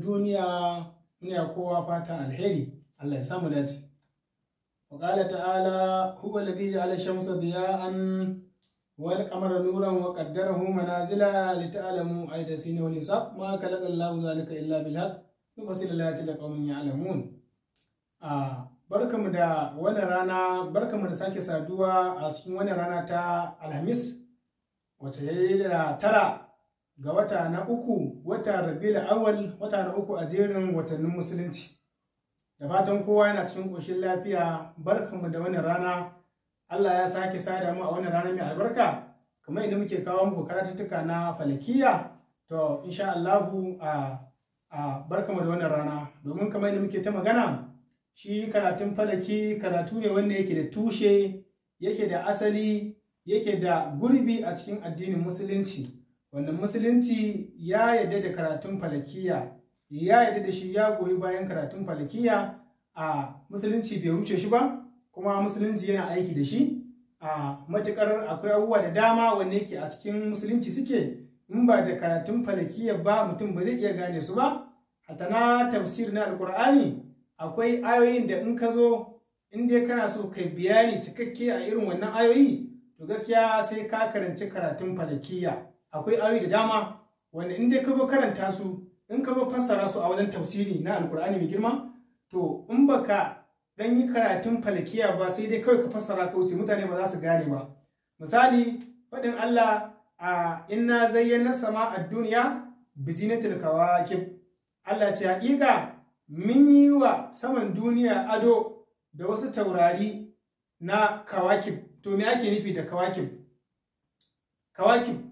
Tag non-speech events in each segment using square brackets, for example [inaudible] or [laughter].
duniya muna kowa fatan alheri Allah ya samu dace وقال تعالى هو الذي جعل الشمس ضياء والقمر نورا وقدره منازل لتعلموا عدد السنين والحساب ما خلق الله ذلك الا بالحق نفصل الايات لقوم يعلمون barkamu da wannan rana barkamu da sake saduwa a cikin wannan rana ta alhamis wacce ya da tara ga wata na uku wata rabiul awal wata na uku a jerin watannin musulunci da fatan kowa yana cikin ƙoshin lafiya barkanmu da wani rana Allah ya sake sada mu a wani rana mai albarka kamar inda muke kawo muku karatuttuka na falakiya to insha Allahu a a barkanmu da wani rana domin kamar inda muke ta magana shi karatun falaki karatu ne wanda yake da tushe yake da asali yake da gurbi a cikin addinin musulunci wanda musulunci ya yadda da karatun falakiya ya yadda da shi ya goyi bayan karatun falakiya a musulunci bai wuce shi ba kuma musulunci yana aiki da shi a matukar akwai abubuwa da dama wanne yake a cikin musulunci suke in ba da karatun falakiya ba mutum ba zai iya gane su ba hatana tafsir na alkur'ani akwai ayoyin da in ka zo in dai kana so kai bayani cikakke a irin wannan ayoyi to gaskiya sai ka karanci karatun falakiya akwai ayoyi da dama wanda in dai ka zo karanta su in ka zo fassara su a wajen tafsiri na alkur'ani mai girma to in baka dan yi karatun falakiya ba sai dai kawai ka fassara ka wuce mutane ba za su gane ba misali faɗin Allah a inna zayyana sama a duniya bizinatul kawakib Allah ce haƙiƙa mun yi wa saman duniya ado da wasu taurari na kawakib to me ake nufi da kawakib kawakib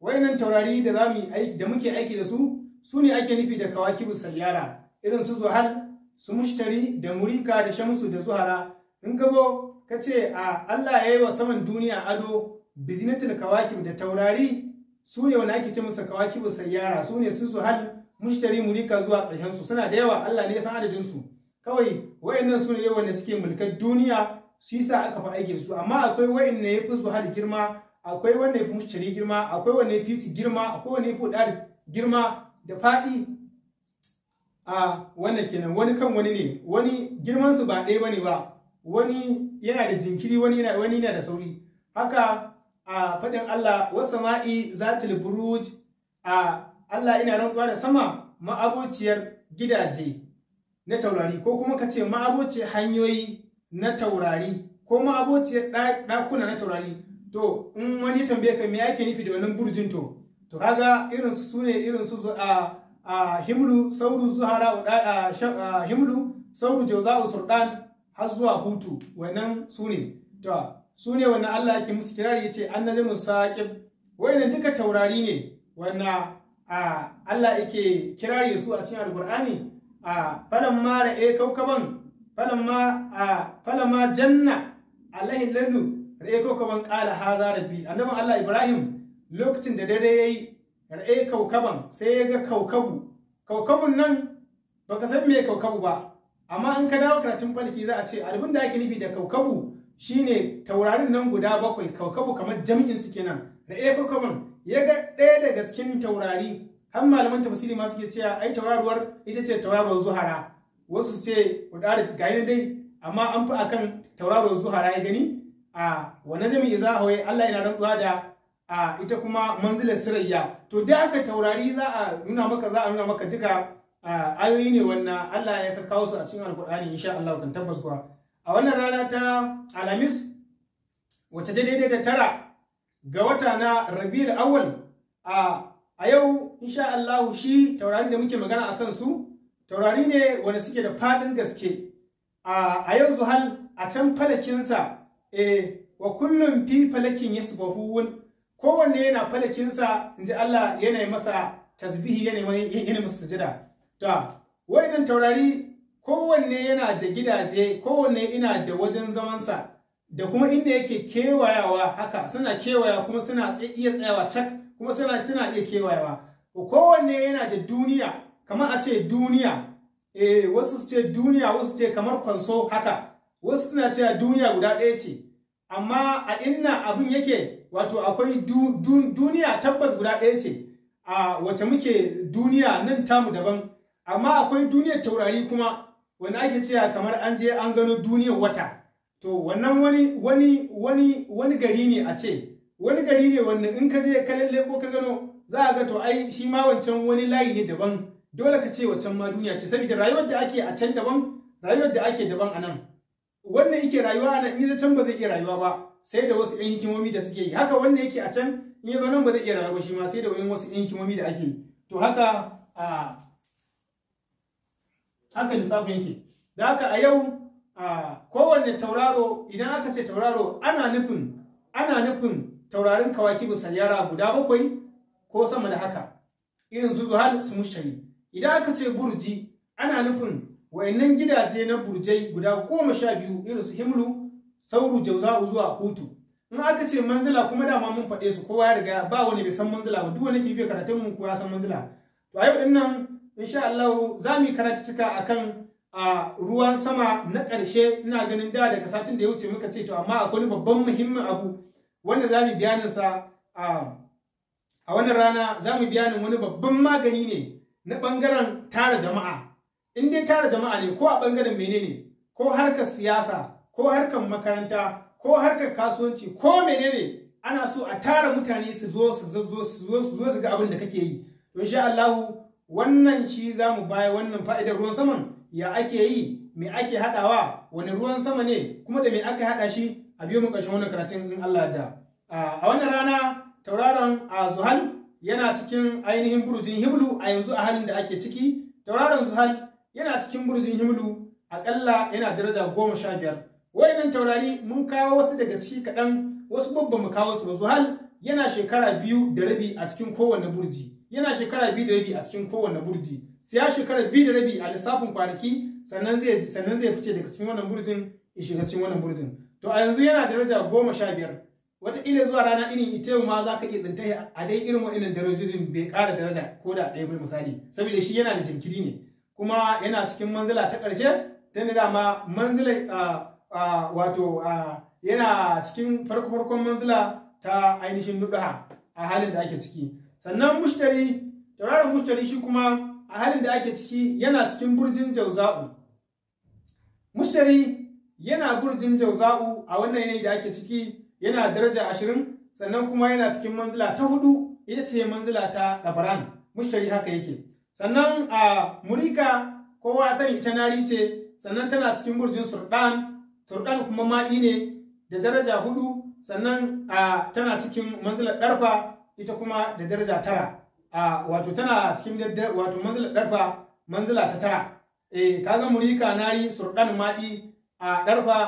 wayannan taurari da za mu aiki da muke aiki da su su ne ake nufi da kawakibu sayyara irin su zuhal su mushtari da murika da shamsu da zuhara in ka zo ka ce a Allah ya yi wa saman duniya ado bizinatul kawakib da taurari su ne wani ake ce musu kawakibu sayyara su ne su zuhal mushtari murika zuwa ƙarshen su suna da yawa Allah ne ya san adadin su kawai wayannan su ne wanda suke mulkar duniya su sa aka fa aikin su amma akwai wayanda ya fi zuhal girma akwai wanda ya fi mushkiri girma akwai wanda ya fi su girma akwai wanda ya fi da girma da faɗi a wannan kenan wani kan wani ne wani girman su ba ɗaya bane ba wani yana da jinkiri wani yana wani yana da sauri haka a faɗin Allah wasu ma'i zatil buruj a Allah ina rantsuwa da sama ma'abociyar gidaje na taurari ko kuma ka ce ma'abociyar hanyoyi na taurari ko ma'abociyar ɗakuna na taurari to in wani tambaye ka me yake nufi da wannan burjin to to kaga irin su sune irin su a a himlu sauru zuhara a himlu sauru jawza'u surdan har zuwa hutu wannan sune to sune wannan Allah yake musu kirari yace annajmu saqib wayannan duka taurari ne wannan a Allah yake kirari su a cikin alqur'ani a falan ma ra'e kaukaban falan ma a falan ma janna alaihi ladu ra'aiko kaban kala haza rabbi annaban Allah Ibrahim lokacin da dare yayi ra'ai kaukaban sai ya ga kaukabu kaukabun nan baka san me kaukabu ba amma in ka dawo karatun falki za a ce abin da yake nufi da kaukabu shine taurarin nan guda bakwai kaukabu kamar jami'in su kenan ra'ai kaukaban ya ga ɗaya daga cikin taurari har malaman tafsiri ma suke cewa ai tauraruwar ita ce tauraruwar zuhara wasu ce dare ga dai amma an fi akan tauraruwar zuhara ya gani a wannan jami'i za hawaye Allah yana rantsuwa da a ita kuma manzilar sirayya to da aka taurari za a nuna maka za a nuna maka duka ayoyi ne wannan Allah ya kawo su a cikin alkur'ani insha Allah kan tabbas kuwa a wannan rana ta alamis wata ta daidai da tara ga wata na rabiul awwal a a yau insha Allah shi taurari da muke magana akan su taurari ne wanda suke da fadin gaske a yau zuhal a can falakinsa eh wa kullum fi falakin yasbahun kowanne yana falakinsa inji Allah yana yi masa tasbihi yana yi masa sujada to wayannan taurari kowanne yana da gidaje kowanne ina da wajen zamansa da kuma inda yake kewayawa haka suna kewaya kuma suna iya tsayawa cak kuma suna suna iya kewayawa kowanne yana da duniya kamar a ce duniya eh wasu su ce duniya wasu ce kamar kwanso haka wasu suna cewa duniya guda ɗaya ce amma a inna abin yake wato akwai duniya tabbas guda ɗaya ce a wace muke duniya nan tamu daban amma akwai duniyar taurari kuma wanda ake cewa kamar an je an gano duniyar wata to wannan wani wani wani wani gari ne a ce wani gari ne wanda in ka je ka lalle ko ka gano za a ga to ai shi ma wancan wani layi ne daban dole ka ce wancan ma duniya ce saboda rayuwar da ake a can daban rayuwar da ake daban a nan wannan yake rayuwa a nan in ya can ba zai iya rayuwa ba sai da wasu yan hikimomi da suke yi haka wannan yake a can in yi zo nan ba zai iya rayuwa shi ma sai da wasu yan hikimomi da ake yi to haka a haka lissafin yake da haka a yau a kowanne tauraro idan aka ce tauraro ana nufin ana nufin taurarin kawaki sayyara guda bakwai ko sama da haka irin su zuhal su mushari idan aka ce burji ana nufin wa'annan gidaje na burjai guda goma sha biyu irin su himlu sauru jauza'u zuwa hutu in aka ce manzila kuma dama mun faɗe su kowa ya riga ba wani bai san manzila ba duk wani ke biya karatun mun kowa san manzila to a yau din nan insha Allah za mu yi karatuttuka akan a ruwan sama na ƙarshe ina ganin da daga satin da ya wuce muka ce to amma akwai wani babban muhimmin abu wanda za mu bayanin sa a a wannan rana za mu bayanin wani babban magani ne na bangaren tara jama'a in dai tara jama'a ne ko a bangaren menene ko harkar siyasa ko harkar makaranta ko harkar kasuwanci ko menene ana so a tara mutane su zo su zo su zo su zo su ga abin da kake yi to insha Allah wannan shi za mu baya wannan fa'idar ruwan saman ya ake yi me ake hadawa wani ruwan sama ne kuma da me aka hada shi a biyo mu karshen wannan karatun in Allah da a wannan rana tauraron a Zuhal yana cikin ainihin burujin Hiblu a yanzu a halin da ake ciki tauraron Zuhal yana cikin burjin himlu akalla yana daraja goma sha biyar wayannan taurari mun kawo wasu daga ciki kaɗan wasu babban mu kawo su ba zuhal yana shekara biyu da rabi a cikin kowane burji yana shekara biyu da rabi a cikin kowane burji sai ya shekara biyu da rabi a lissafin kwanaki sannan zai sannan zai fice daga cikin wannan burjin ya shiga cikin wannan burjin to a yanzu yana daraja goma sha biyar wataƙila zuwa rana irin ita yau ma za ka iya tsinta a dai irin waɗannan darajojin bai ƙara daraja ko da ɗaya bai misali saboda shi yana da jinkiri ne kuma yana cikin manzila ta ƙarshe ta da dama manzila wato yana cikin farko-farkon manzila ta ainihin nuduha a halin da ake ciki sannan mushtari tauraron mushtari shi kuma a halin da ake ciki yana cikin burjin jauza'u mushtari yana burjin jauza'u a wannan yanayi da ake ciki yana daraja ashirin sannan kuma yana cikin manzila ta hudu ita ce manzila ta dabaran. mushtari haka yake sannan a murika kowa sani tanari ce sannan tana cikin burjin surdan turdan kuma maɗi ne da daraja hudu sannan a tana cikin manzilar ɗarfa ita kuma da daraja tara a wato tana cikin wato manzilar ɗarfa manzila ta tara e kaga murika nari surdan maɗi a ɗarfa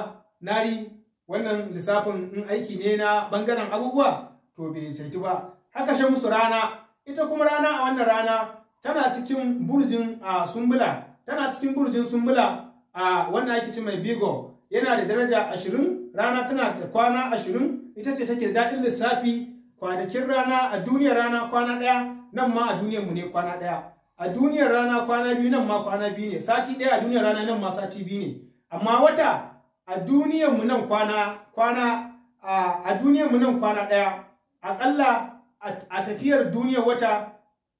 nari wannan lissafin in aiki ne na bangaren abubuwa to bai saitu ba haka shan musu rana ita kuma rana a wannan rana tana cikin burjin a sumbula tana cikin burjin sumbula a wannan ake ce mai bigo yana da daraja ashirin rana tana da kwana ashirin ita ce take da daɗin lissafi kwanakin rana a duniyar rana kwana ɗaya nan ma a duniyar mu ne kwana ɗaya a duniyar rana kwana biyu nan ma kwana biyu ne sati ɗaya a duniyar rana nan ma sati biyu ne amma wata a duniyar mu nan kwana kwana a duniyar mu nan kwana ɗaya aƙalla a tafiyar duniyar wata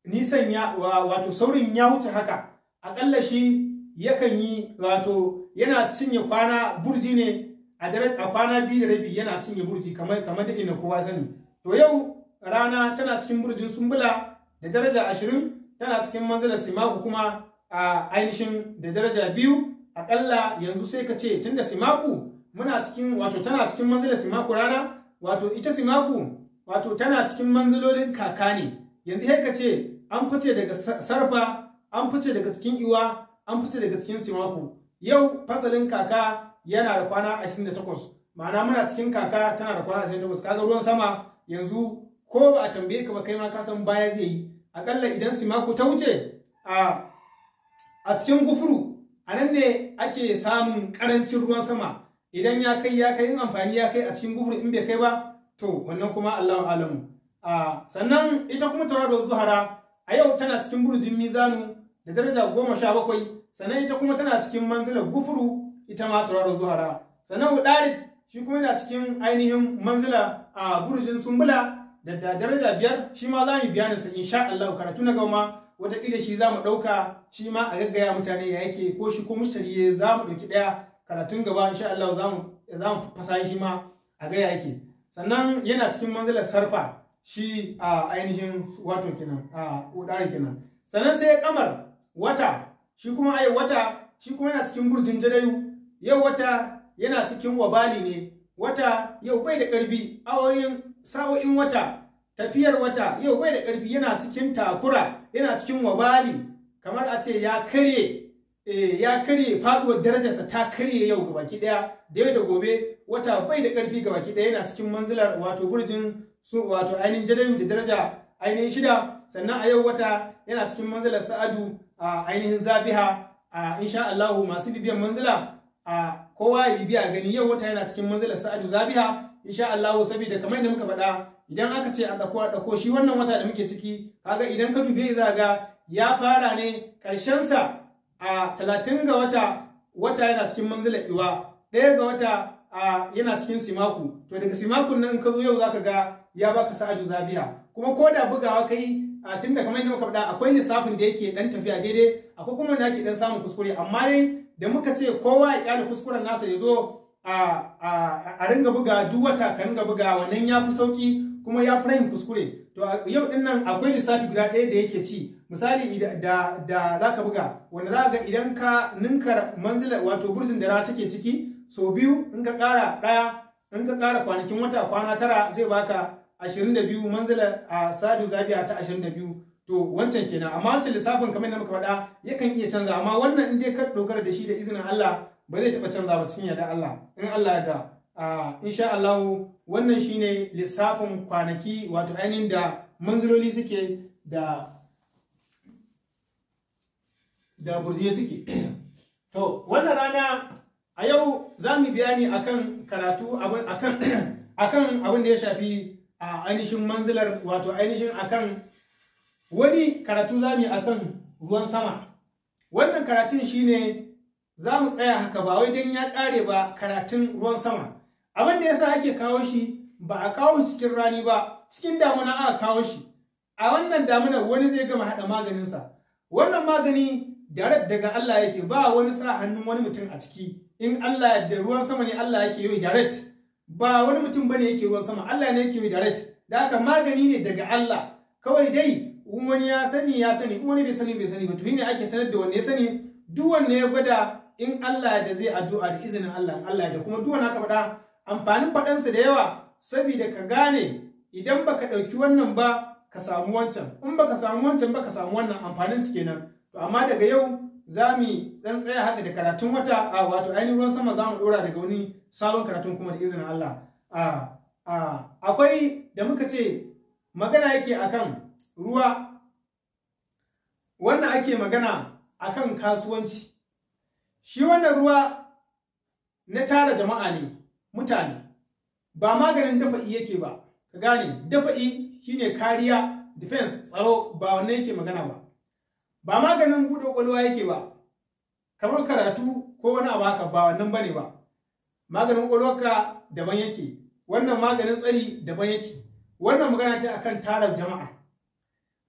nisan ya wato saurin ya wuce haka akalla shi yakan yi wato yana cinye kwana burji ne a a kwana biyu da rabi yana cinye burji kamar kamar da ina kowa sani to yau rana tana cikin burjin sumbula da daraja ashirin tana cikin manzalar simaku kuma a ainihin da daraja biyu akalla yanzu sai ka ce tunda simaku muna cikin wato tana cikin manzalar simaku rana wato ita simaku wato tana cikin manzalolin kaka ne yanzu sai ka ce an fice daga sarfa an fice daga cikin iwa an fice daga cikin simaku yau fasalin kaka yana da kwana 28 ma'ana muna cikin kaka tana da kwana 28 kaga ruwan sama yanzu ko ba a tambaye ka ba kai ma ka san baya zai yi akalla idan simaku ta wuce a a cikin gufuru a nan ne ake samun karancin ruwan sama idan ya kai ya kai in amfani ya kai a cikin gufuru in bai kai ba to wannan kuma Allahu alamu a sannan ita kuma tauraro zuhara a yau tana cikin burjin mizanu da daraja goma sha bakwai sannan ita kuma tana cikin manzilar gufuru ita ma turaro zuhara sannan hudarit shi kuma yana cikin ainihin manzila a burjin sumbula da daraja biyar shi ma za mu bayanin sa insha Allah karatu na wata wataƙila shi za mu ɗauka shi ma a gaggaya mutane ya yake ko shi ko mushtari ya za mu ɗauki ɗaya karatun gaba insha Allah za mu fasa shi ma a gaya yake sannan yana cikin manzilar sarfa shi a ainihin wato kenan a kenan sannan sai kamar wata shi kuma ai wata shi kuma yana cikin burjin jadayu yau wata yana cikin wabali ne wata yau bai da ƙarfi awoyin sa'o'in wata tafiyar wata yau bai da ƙarfi yana cikin takura yana cikin wabali kamar a ce ya karye eh, ya karye faduwar darajarsa ta karye yau gabaki daya da yau da gobe wata bai da ƙarfi gabaki daya yana cikin manzilar wato burjin su wato ainihin jadayu da daraja ainihin shida sannan a yau wata yana cikin manzalar sa'adu a ainihin zabiha a insha Allahu masu bibiyan manzala a kowa ya bibiya gani yau wata yana cikin manzalar sa'adu zabiha insha Allahu saboda kamar yadda muka faɗa idan aka ce a ɗauko a ɗauko shi wannan wata da muke ciki kaga idan ka dube za ga ya fara ne sa a talatin ga wata wata yana cikin manzalar iwa ɗaya ga wata a yana cikin simaku to daga simakun nan ka zo yau za ka ga ya baka sa'adu zabiya kuma ko da bugawa kai a tun da kamar yadda muka faɗa akwai lissafin da yake dan tafiya daidai akwai kuma da yake dan samun kuskure amma dai da muka ce kowa ya kyale kuskuren nasa ya zo a ringa buga duk wata ka ringa buga wannan ya fi sauki kuma ya fi rayin kuskure to yau din nan akwai lissafi guda ɗaya da yake ci misali da da za ka buga wanda za ga idan ka ninka manzila wato burjin da ra take ciki so biyu in ka ƙara ɗaya in ka ƙara kwanakin wata kwana tara zai baka 22 manzala a sadu zabi'a ta 22 to wancan kenan amma wancan lissafin kamar yadda muka faɗa yakan iya canza amma wannan in dai ka dogara da shi da izinin Allah ba zai taɓa canza ba cikin yadda Allah in Allah da a insha Allah wannan shine lissafin kwanaki wato ainihin da manzuloli suke da da burjiya suke [clears throat] to wannan rana a yau za mu bayani akan karatu akan [clears throat] akan abin da ya shafi a ainihin manzilar wato ainihin akan wani karatu za akan ruwan sama wannan karatun shine za mu tsaya haka ba wai don ya kare ba karatun ruwan sama abin da yasa ake kawo shi ba a kawo shi cikin rani ba cikin damuna aka kawo shi a wannan damunar wani zai gama haɗa maganinsa wannan magani direct daga Allah yake ba wani sa hannun wani mutum a ciki in Allah da ruwan sama ne Allah yake yi direct ba wani mutum bane yake ruwan sama Allah ne yake direct da haka magani ne daga Allah kawai dai wani ya sani ya sani wani bai sani bai sani ba to ne ake sanar da wanne ya sani duk wanne ya gwada in Allah da zai addu'a da izinin Allah Allah da kuma duk wanda aka faɗa amfanin sa da yawa saboda ka gane idan baka ɗauki wannan ba ka samu wancan in baka samu wancan ba ka samu wannan amfanin su kenan to amma daga yau za mu dan tsaya haɗa da karatun wata a wato ainihin ruwan sama za mu ɗora daga wani sabon karatun kuma da izinin Allah akwai da muka ce magana yake akan ruwa wannan ake magana akan kasuwanci shi wannan ruwa na tara jama'a ne mutane ba maganin dafa'i yake ba ka gane dafa'i shine kariya defense tsaro ba wannan yake magana ba ba maganin buɗe ƙwaƙwalwa yake ba kamar karatu ko wani abu haka ba wannan bane ba maganin ƙwaƙwalwarka daban yake wannan maganin tsari daban yake wannan magana ce akan tarar jama'a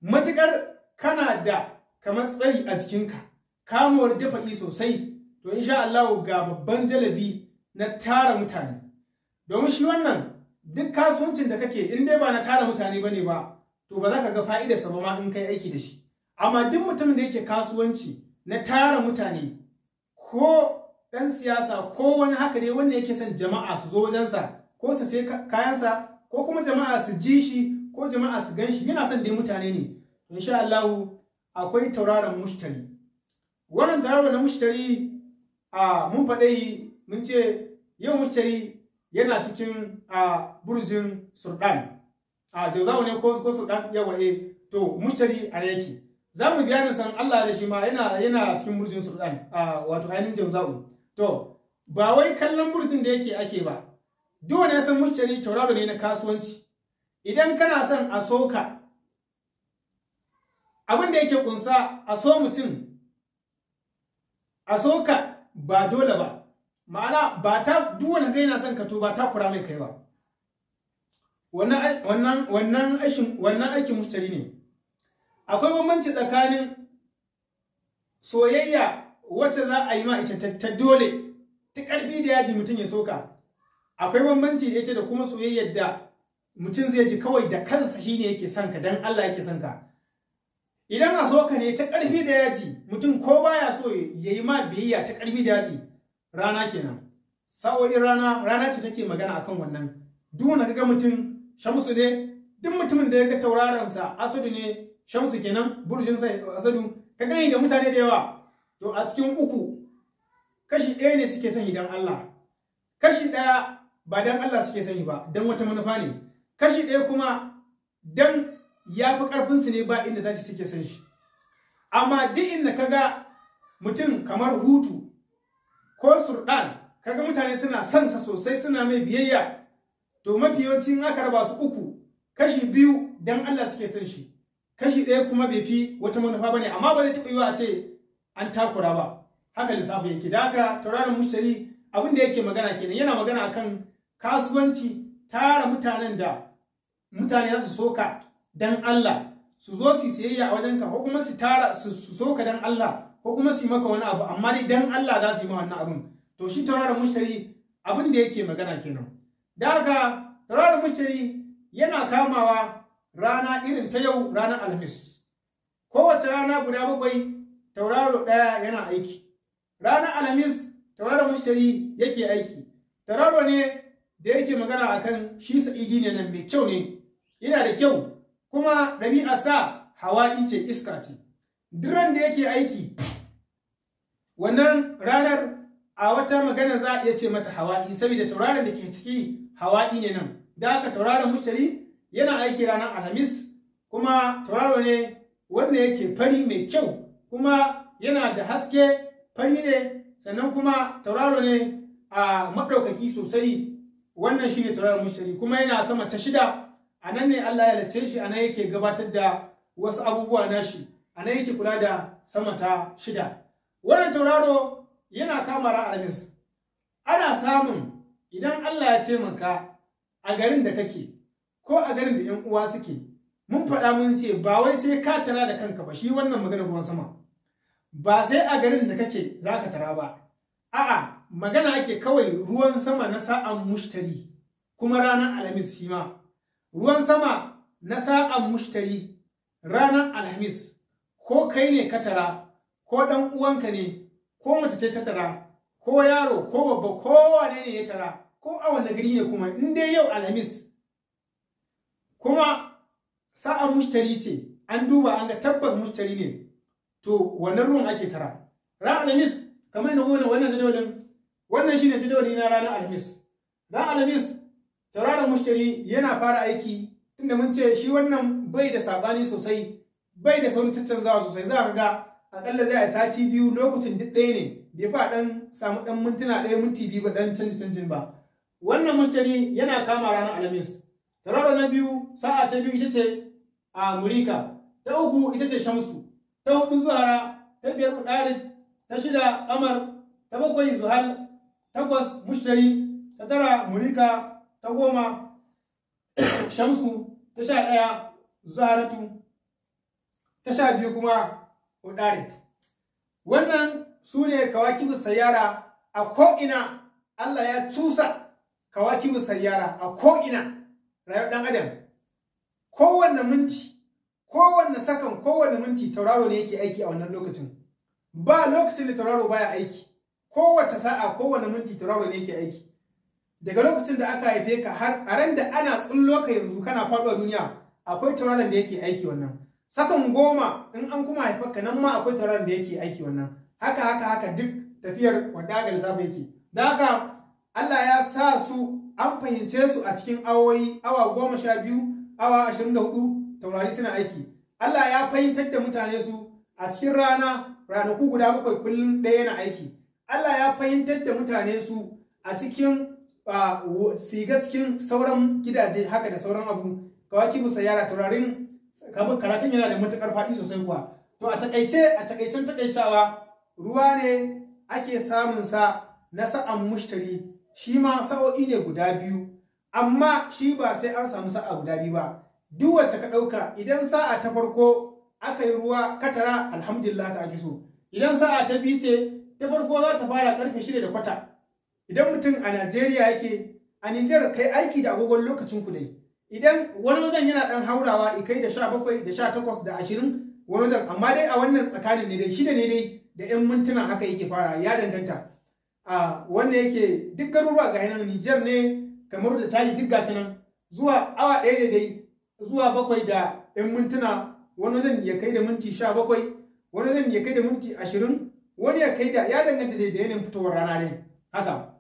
matukar kana da kamar tsari a jikinka kamuwar dafa'i sosai to insha Allah ga babban jalabi na tara mutane domin shi wannan duk kasuwancin da kake in dai ba na tara mutane bane ba to ba za ka ga fa'idarsa ba ma in kai aiki da shi amma duk mutumin da yake kasuwanci na tara mutane ko ɗan siyasa ko wani haka ne wanda yake son jama'a su zo wajensa ko su sai kayansa ko kuma jama'a su ji shi ko jama'a su gan shi yana son dai mutane ne insha Allah akwai tauraron mushtari wannan tauraron na mushtari a mun faɗe mun ce yau mushtari yana cikin a burjin surdan a ne ko surdan yawa eh. to mushtari a yake za mu biya ni san Allah da shi ma yana yana cikin burjin Sultan a wato ainihin Jauza'u to ba wai kallon burjin da yake ake ba duk wani ya san mushtari tauraro ne na kasuwanci idan kana son a soka abin da yake kunsa a so mutum a soka ba dole ba ma'ana ba ta duk wani kai yana son ka to ba ta kura mai kai ba wannan wannan wannan aikin mushtari ne akwai bambanci tsakanin soyayya wacce za a yi ma ita ta dole ta ƙarfi da yaji mutum ya soka akwai bambanci da ita da kuma soyayyar da mutum zai ji kawai da kansa shine yake son ka dan Allah yake son ka idan a soka ne ta ƙarfi da yaji mutum ko baya so ya yi ma biyayya ta ƙarfi da yaji rana kenan sa'o'in rana rana ce take magana akan wannan duk wanda ga mutum shamsu ne duk mutumin da ya ga tauraron sa asudu ne shamsu kenan burjin sai asadu ka gani da mutane da yawa to a cikin uku kashi ɗaya ne suke sani dan Allah kashi ɗaya ba dan Allah suke sani ba dan wata manufa ne kashi ɗaya kuma dan ya fi ƙarfinsu ne ba inda za suke son shi amma duk inda ka ga mutum kamar hutu ko surɗan kaga mutane suna son sa sosai suna mai biyayya to mafiyocin yawancin aka raba su uku kashi biyu dan Allah suke san shi kashi ɗaya kuma bai fi wata manufa ba ne, amma ba zai taɓa yiwa a ce an takura ba haka lissafi yake da haka tauraron mushtari abin da yake magana kenan yana magana akan kasuwanci tara mutanen da mutane za su soka dan Allah su zo su siyayya a wajenka ko kuma su tara su soka dan Allah ko kuma su yi maka wani abu amma dai dan Allah za su yi ma wannan abun to shi tauraron mushtari abin da yake magana kenan da haka tauraron mushtari yana kamawa rana irin ta yau ranar alhamis kowace rana guda bakwai tauraro ɗaya yana aiki ranar alhamis tauraron mushtari yake aiki tauraro ne da yake magana akan shi sa'idi ne nan mai kyau ne yana da kyau kuma Rabi'a sa hawa ce iska ce duran da yake aiki wannan ranar a wata magana za a iya ce mata hawa'i saboda tauraron da ke ciki hawa'i ne nan da aka tauraron mushtari yana aiki ranar alhamis kuma turawa ne wanda yake fari mai kyau kuma yana da haske fari ne sannan kuma tauraro ne a maɗaukaki sosai wannan shine turawa mushtari kuma yana sama ta shida a nan ne Allah ya lalace shi a nan yake gabatar da wasu abubuwa nashi a nan yake kula da sama ta shida wannan tauraro yana kama ran alhamis ana samun idan Allah ya taimaka a garin da kake ko a garin da 'yan uwa suke mun faɗa mun ce ba wai sai ka tara da kanka ba shi wannan magana ruwan sama ba sai a garin da kake za ka tara ba a'a magana ake kawai ruwan sama na sa'an mushtari kuma ranar alhamis shi ma ruwan sama na sa'an mushtari ranar alhamis ko kai ne ka tara ko ɗan uwanka ne ko mace ce ta tara ko yaro ko babba ko wane ne ya tara ko a wanda gari ne kuma in dai yau alhamis kuma sa'a mushtari ce an duba an ga tabbas mushtari ne to wannan ruwan ake tara ran alhamis kamar na gona wannan jadawalin wannan ne jadawali na ranar alhamis ran alhamis tauraron mushtari yana fara aiki tunda mun ce shi wannan bai da sabani sosai bai da saurin caccanzawa sosai za ka ga akalla zai yi sati biyu lokacin duk ɗaya ne bai fa dan samu ɗan mintuna ɗaya minti biyu ba dan canji canjin ba wannan mushtari yana kama ranar alhamis tararar na biyu sa'a ta biyu ita ce a murika ta uku ita ce shamsu ta hudu zuhara ta biyar kudari ta shida amar ta bakwai zuhal takwas mushtari ta tara murika ta goma [coughs] shamsu ta sha ɗaya zuharatu ta sha biyu kuma kudari wannan su ne kawakibu sayara a ko'ina Allah ya cusa kawakibu sayara a ko'ina rayuwar ɗan adam kowanne minti kowanne sakan kowanne minti tauraro ne yake aiki a wannan lokacin ba lokacin da tauraro baya aiki kowace sa'a kowanne minti tauraro ne yake aiki daga lokacin da aka haife ka har a ran da ana tsullo ka yanzu kana faɗuwa duniya akwai tauraron da yake aiki wannan sakan goma in an kuma haifar ka nan ma akwai tauraron da yake aiki wannan haka haka haka duk tafiyar wanda aka lissafa yake da haka Allah ya sa su an fahimce su a cikin awoyi awa goma sha biyu awa 24 taurari suna aiki Allah ya fahimtar da mutane su a cikin rana ranaku guda bakwai kullum ɗaya yana aiki Allah ya fahimtar da mutane su a cikin siga cikin sauran gidaje haka da sauran abu ki musa yara taurarin karatun yana da matukar faɗi sosai kuwa to a takaice a takaicen takaicawa ruwa ne ake samun sa na sa'an mushtari shi ma sa'o'i ne guda biyu amma shi ba sai an samu sa'a guda biyu ba duk wacce ka ɗauka idan sa'a ta farko aka yi ruwa katara alhamdulillah ka ake so idan sa'a ta biyu ce ta farko za ta fara karfe shida da kwata idan mutum a najeriya yake a nijar kai aiki da agogon lokacin ku dai idan wani wajen yana dan haurawa kai da sha bakwai da sha takwas da ashirin wani wajen amma dai a wannan tsakanin ne dai shida ne dai da yan mintuna haka yake fara ya danganta a wannan yake duk garuruwa ga yanar nijar ne kamar da yi duk gasa nan zuwa awa ɗaya da dai zuwa bakwai da 'yan mintuna wani zan ya kai da minti sha bakwai wani zan ya kai da minti ashirin wani ya kai da ya danganta da yanayin fitowar rana ne haka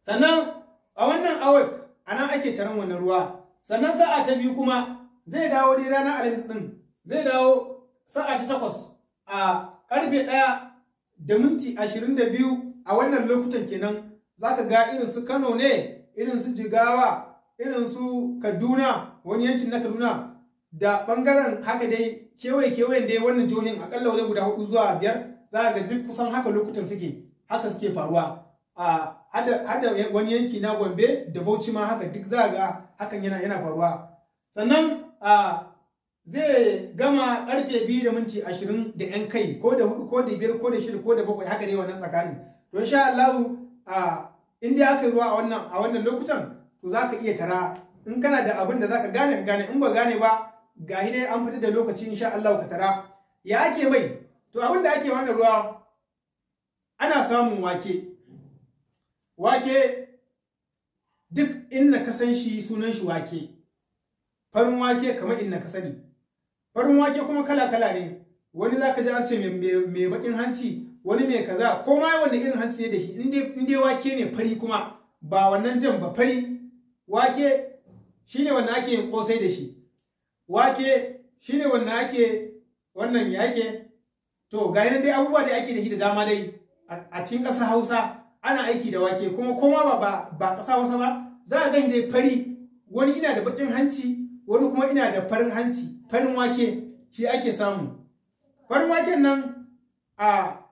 sannan a wannan awar a nan ake taron wannan ruwa sannan sa'a ta biyu kuma zai dawo dai rana alhamis ɗin zai dawo sa'a ta takwas a karfe ɗaya da minti ashirin da biyu a wannan lokutan kenan za ka ga irin su kano ne irin su jigawa irin su kaduna wani yankin na kaduna da bangaren haka dai kewaye kewayen dai wannan jihohin akalla wajen guda hudu zuwa biyar za ga duk kusan haka lokutan suke haka suke faruwa a hada wani yanki na gombe da bauchi ma haka duk za ga hakan yana yana faruwa sannan a zai gama karfe biyu da minti ashirin da yan kai ko da hudu ko da biyar ko da shida ko da bakwai haka dai wannan tsakanin don sha Allahu a in dai aka yi ruwa a wannan a wannan lokutan to za ka iya tara in kana da abin da za ka gane gane in ba gane ba ga dai an fitar da lokaci insha Allah ka tara ya ake mai to abin da ake wannan ruwa ana samun wake wake duk inna ka san shi sunan shi wake farin wake kamar inna ka sani farin wake kuma kala kala ne wani za ka ji an ce mai bakin hanci wani mai kaza ko ma wani irin hantsi ne da shi in dai wake ne fari kuma ba wannan jan ba fari wake shine wanda ake yin kosai da shi wake shine wanda ake wannan yake to ga dai abubuwa da ake da shi da dama dai a cikin ƙasa hausa ana aiki da wake kuma koma ba ba ƙasa hausa ba za a gani dai fari wani ina da baƙin hanci wani kuma ina da farin hanci farin wake shi ake samu farin waken nan a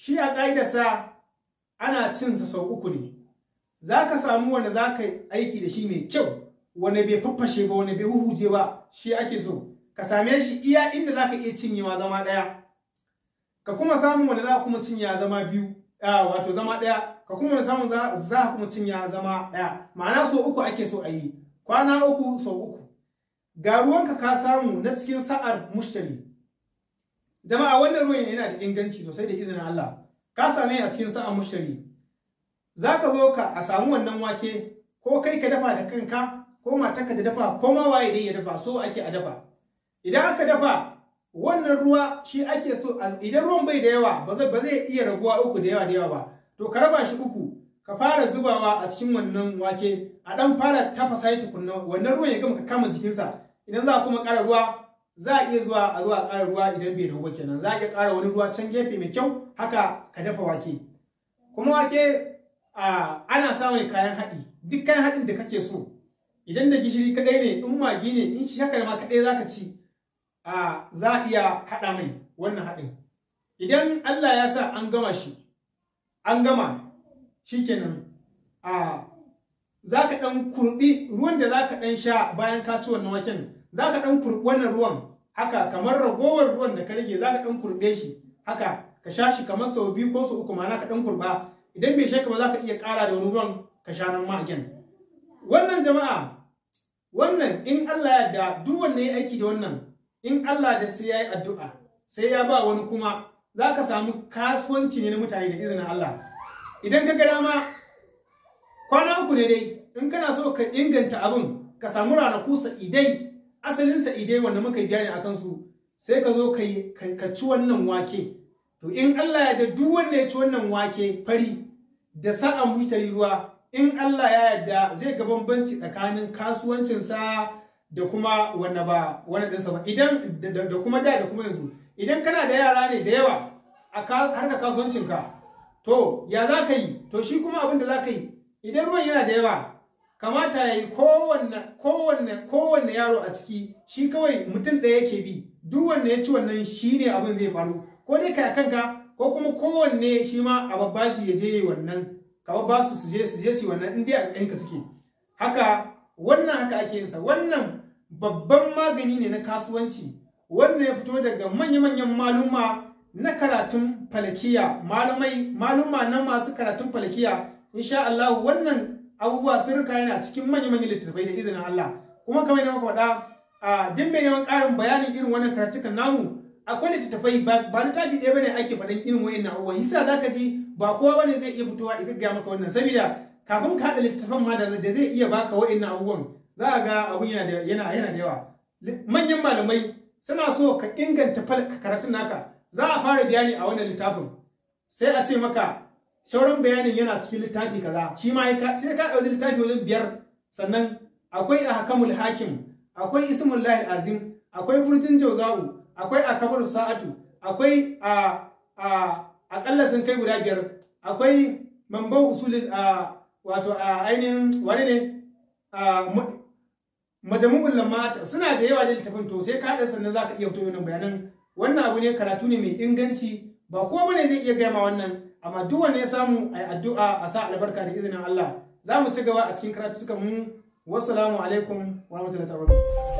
shi a ƙa'idarsa ana cinsa sau uku ne za ka samu wanda za ka aiki da shi mai kyau wanda bai faffashe ba wanda bai huhuje ba shi ake so ka same shi iya inda za ka iya cinyewa zama ɗaya ka kuma samun wanda za kuma cinya zama biyu wato zama ɗaya ka kuma samun za kuma cinya zama ɗaya ma'ana sau uku ake so a yi kwana uku sau uku ga ruwanka ka samu na cikin sa'ar mushtari jama'a wannan ruwan yana da inganci sosai da izinin Allah ka same a cikin sa'a mushari zaka zo ka a samu wannan wake ko kai ka dafa da kanka ko matarka ta dafa ko ma waye dai ya dafa so ake a dafa idan aka dafa wannan ruwa shi ake so idan ruwan bai da yawa ba zai iya raguwa uku da yawa da yawa ba to ka raba shi uku ka fara zubawa a cikin wannan wake a dan fara tafasa tukunna wannan ruwan ya gama ka kama jikinsa idan za a kuma kara ruwa za a iya zuwa a zuwa ƙara ruwa idan bai dahu kenan za a iya ƙara wani ruwa can gefe mai kyau haka ka dafa wake kuma wake ana samun kayan haɗi duk kayan haɗin da kake so idan da gishiri kaɗai ne in magi ne in shi haka ma kaɗai za ka ci za a iya haɗa mai wannan haɗin idan Allah ya sa an gama shi an gama shikenan a za ka ɗan kurɓi ruwan da za ka ɗan sha bayan ka ci wannan waken za ka ɗan kurɓi wannan ruwan haka kamar ragowar ruwan da ka rage za ka ɗan kurɓe shi haka ka sha shi kamar sau biyu ko sau uku ma'ana ka ɗan kurɓa idan bai shaka ba za ka iya ƙara da wani ruwan ka sha nan ma wannan jama'a wannan in Allah ya da duk wanne ya aiki da wannan in Allah da sai ya yi addu'a sai ya ba wani kuma za ka samu kasuwanci ne na mutane da izinin Allah idan ka ga dama kwana uku ne dai in kana so ka inganta abin ka samu ranaku sa idai asalin sa'idai wanda muka yi bayani akan su sai ka zo ka ci wannan wake to in Allah ya da duk wanda ya ci wannan wake fari da sa'an mutari ruwa in Allah ya yarda zai ga bambanci tsakanin kasuwancinsa da kuma wanda ba wanda sa ba idan da kuma da da kuma yanzu idan kana da yara ne da yawa a harka kasuwancinka to ya za ka yi to shi kuma abin da za ka yi idan ruwan yana da yawa kamata ya yi kowanne yaro a ciki shi kawai mutum ɗaya yake bi duk wanda ya ci wannan shi ne abin zai faru ko dai ka kanka ko kuma kowanne shi ma a babba shi ya je wannan ka babba su su je su je su wannan in dai a ɗanka suke haka wannan haka ake yinsa wannan babban magani ne na kasuwanci wannan ya fito daga manya-manyan maluma na karatun falakiya maluma na masu karatun falakiya insha Allah wannan abubuwa sirrika yana cikin manya manyan littattafai da izinin Allah kuma kamar yadda muka faɗa a duk mai neman ƙarin bayanin irin wannan karatukan namu akwai littattafai ba na tafi ɗaya bane ake faɗin irin na abubuwa yasa ka ji ba kowa bane zai iya fitowa ya gaggaya maka wannan saboda kafin ka haɗa littattafan ma da zai iya baka na abubuwan za a ga abun yana da yawa manyan malamai suna so ka inganta karatun naka za a fara bayani a wannan littafin sai a ce maka sauran bayanin yana cikin littafi kaza shi ma sai ka ɗauki littafi wajen biyar sannan akwai ahkamul hakim akwai ismul lahil azim akwai burjin jawza'u akwai akabaru sa'atu akwai a a akalla sun kai guda biyar akwai mambau usulin a wato a ainihin wani ne a majamu'ul lamata suna da yawa da littafin to sai ka ɗauki sannan za ka iya fito wannan bayanan wannan abu ne karatu ne mai inganci ba ko bane zai iya gaya ma wannan amma duk wanne ya samu a addu'a a sa albarka da izinin Allah za mu ci gaba a cikin karatu suka mu wassalamu alaikum wa rahmatullahi wa barakatuh